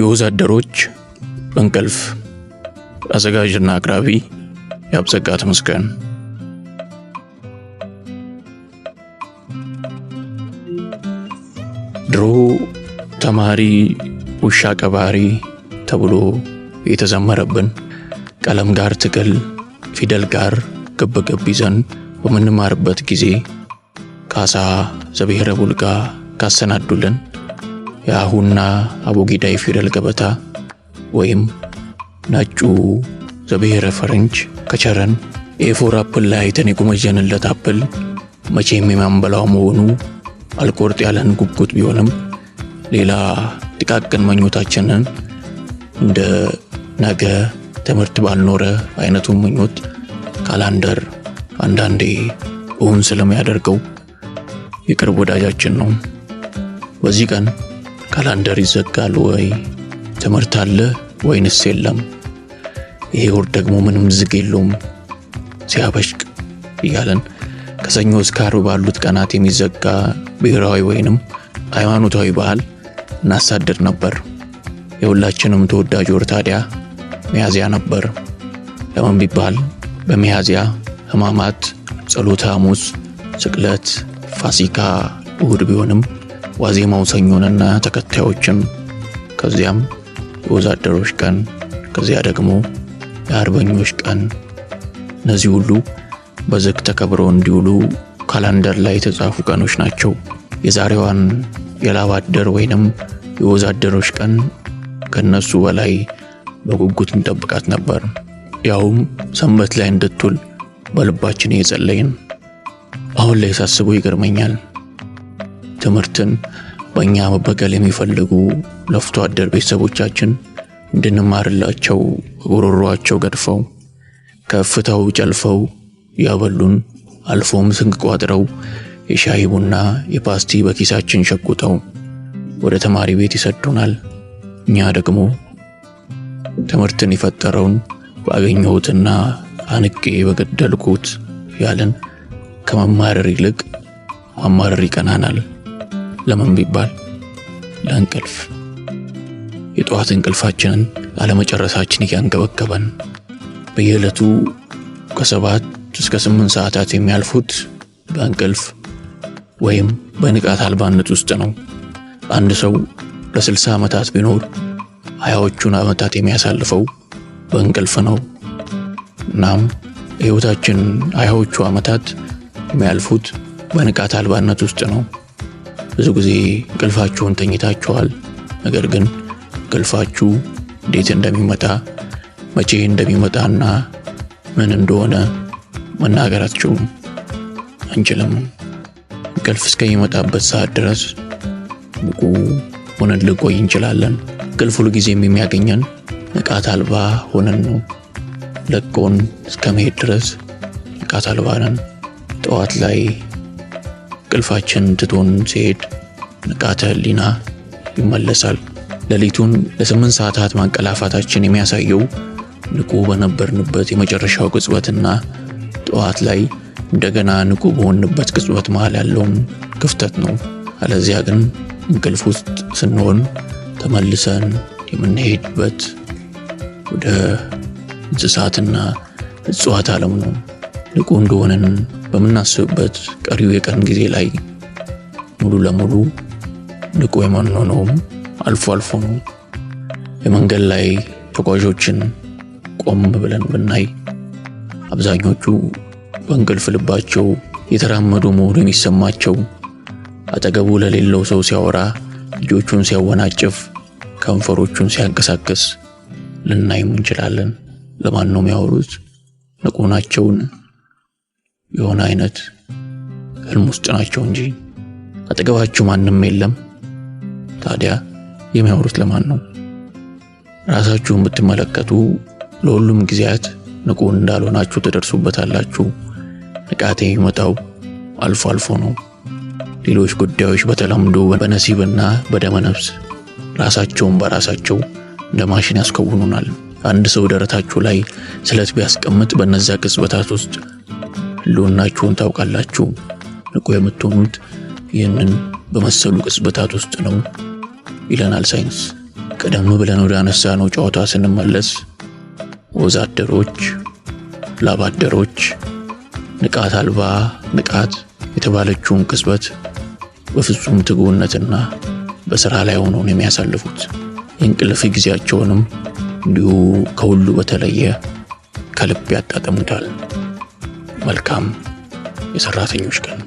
የወዛደሮች እንቅልፍ አዘጋጅና አቅራቢ ያብጸጋ ተመስገን። ድሮ ተማሪ ውሻ ቀባሪ ተብሎ የተዘመረብን ቀለም ጋር ትግል፣ ፊደል ጋር ግብግብ ይዘን በምንማርበት ጊዜ ካሳ ዘብሔረ ቡልጋ ካሰናዱልን የአሁና አቦጊዳ የፊደል ገበታ ወይም ነጩ ዘብሔረ ፈረንጅ ከቸረን ኤፎር አፕል ላይ አይተን የጎመጀንለት አፕል መቼም የማንበላው መሆኑ አልቆርጥ ያለን ጉጉት ቢሆንም ሌላ ጥቃቅን መኞታችንን እንደ ነገ ትምህርት ባልኖረ አይነቱን ምኞት ካላንደር አንዳንዴ እውን ስለሚያደርገው የቅርብ ወዳጃችን ነው። በዚህ ቀን ካላንደር ይዘጋል ወይ? ትምህርት አለ ወይንስ የለም? ይሄ ወር ደግሞ ምንም ዝግ የለውም ሲያበሽቅ እያለን ከሰኞ እስከ ዓርብ ባሉት ቀናት የሚዘጋ ብሔራዊ ወይንም ሃይማኖታዊ በዓል እናሳድር ነበር። የሁላችንም ተወዳጅ ወር ታዲያ ሚያዝያ ነበር። ለምን ቢባል በሚያዝያ ሕማማት፣ ጸሎተ ሐሙስ፣ ስቅለት፣ ፋሲካ እሁድ ቢሆንም ዋዜማው ሰኞንና ተከታዮችን፣ ከዚያም የወዛደሮች ቀን፣ ከዚያ ደግሞ የአርበኞች ቀን። እነዚህ ሁሉ በዝግ ተከብረው እንዲውሉ ካላንደር ላይ የተጻፉ ቀኖች ናቸው። የዛሬዋን የላባደር አደር ወይንም የወዛደሮች ቀን ከነሱ በላይ በጉጉት እንጠብቃት ነበር። ያውም ሰንበት ላይ እንድትውል በልባችን እየጸለይን። አሁን ላይ ሳስቡ ይገርመኛል። ትምህርትን በእኛ መበቀል የሚፈልጉ ለፍቶ አደር ቤተሰቦቻችን እንድንማርላቸው ጉሮሯቸው ገድፈው ከፍተው ጨልፈው ያበሉን አልፎም ስንቅ ቋጥረው የሻሂ ቡና የፓስቲ በኪሳችን ሸጉጠው ወደ ተማሪ ቤት ይሰዱናል። እኛ ደግሞ ትምህርትን የፈጠረውን ባገኘሁትና አንቄ በገደልኩት ያልን ከመማረር ይልቅ ማማረር ይቀናናል። ለምን ቢባል ለእንቅልፍ። የጠዋት እንቅልፋችንን አለመጨረሳችን እያንገበገበን በየዕለቱ ከሰባት እስከ ስምንት ሰዓታት የሚያልፉት በእንቅልፍ ወይም በንቃት አልባነት ውስጥ ነው። አንድ ሰው ለስልሳ ዓመታት ቢኖር ሀያዎቹን ዓመታት የሚያሳልፈው በእንቅልፍ ነው። እናም የህይወታችን ሀያዎቹ ዓመታት የሚያልፉት በንቃት አልባነት ውስጥ ነው። ብዙ ጊዜ እንቅልፋችሁን ተኝታችኋል። ነገር ግን ቅልፋችሁ እንዴት እንደሚመጣ መቼ እንደሚመጣና ምን እንደሆነ መናገራችሁ አንችልም። እንቅልፍ እስከሚመጣበት ሰዓት ድረስ ብቁ ሆነን ልቆይ እንችላለን። እንቅልፍ ሁል ጊዜ የሚያገኘን ንቃት አልባ ሆነን ነው። ለቆን እስከመሄድ ድረስ ንቃት አልባ ነን። ጠዋት ላይ ቅልፋችን ትቶን ሲሄድ ንቃተ ህሊና ይመለሳል። ሌሊቱን ለስምንት ሰዓታት ማንቀላፋታችን የሚያሳየው ንቁ በነበርንበት የመጨረሻው ቅጽበትና ጠዋት ላይ እንደገና ንቁ በሆንበት ቅጽበት መሃል ያለውን ክፍተት ነው። አለዚያ ግን እንቅልፍ ውስጥ ስንሆን ተመልሰን የምንሄድበት ወደ እንስሳትና እጽዋት ዓለም ነው። ንቁ እንደሆነን በምናስብበት ቀሪው የቀን ጊዜ ላይ ሙሉ ለሙሉ ንቁ የማንሆነውም አልፎ አልፎ ነው። የመንገድ ላይ ተጓዦችን ቆም ብለን ብናይ አብዛኞቹ በእንቅልፍ ልባቸው የተራመዱ መሆኑ የሚሰማቸው አጠገቡ ለሌለው ሰው ሲያወራ እጆቹን ሲያወናጭፍ ከንፈሮቹን ሲያንቀሳቅስ ልናይም እንችላለን። ለማን ነው የሚያወሩት? ንቁ ናቸውን? የሆነ አይነት ህልም ውስጥ ናቸው እንጂ አጠገባችሁ ማንም የለም። ታዲያ የሚያወሩት ለማን ነው? ራሳችሁን ብትመለከቱ ለሁሉም ጊዜያት ንቁ እንዳልሆናችሁ ትደርሱበታላችሁ። ንቃቴ የሚመጣው አልፎ አልፎ ነው። ሌሎች ጉዳዮች በተለምዶ በነሲብና በደመነፍስ ራሳቸውን በራሳቸው እንደ ማሽን ያስከውኑናል። አንድ ሰው ደረታችሁ ላይ ስለት ቢያስቀምጥ በነዚያ ቅጽበታት ውስጥ ህልውናችሁን ታውቃላችሁ። ንቁ የምትሆኑት ይህንን በመሰሉ ቅጽበታት ውስጥ ነው ይለናል ሳይንስ። ቀደም ብለን ወደ አነሳ ነው ጨዋታ ስንመለስ ወዛደሮች፣ ላባደሮች ንቃት አልባ ንቃት የተባለችውን ቅጽበት በፍጹም ትጉውነትና በስራ ላይ ሆነው የሚያሳልፉት። የእንቅልፍ ጊዜያቸውንም እንዲሁ ከሁሉ በተለየ ከልብ ያጣጠሙታል። መልካም የሰራተኞች ቀን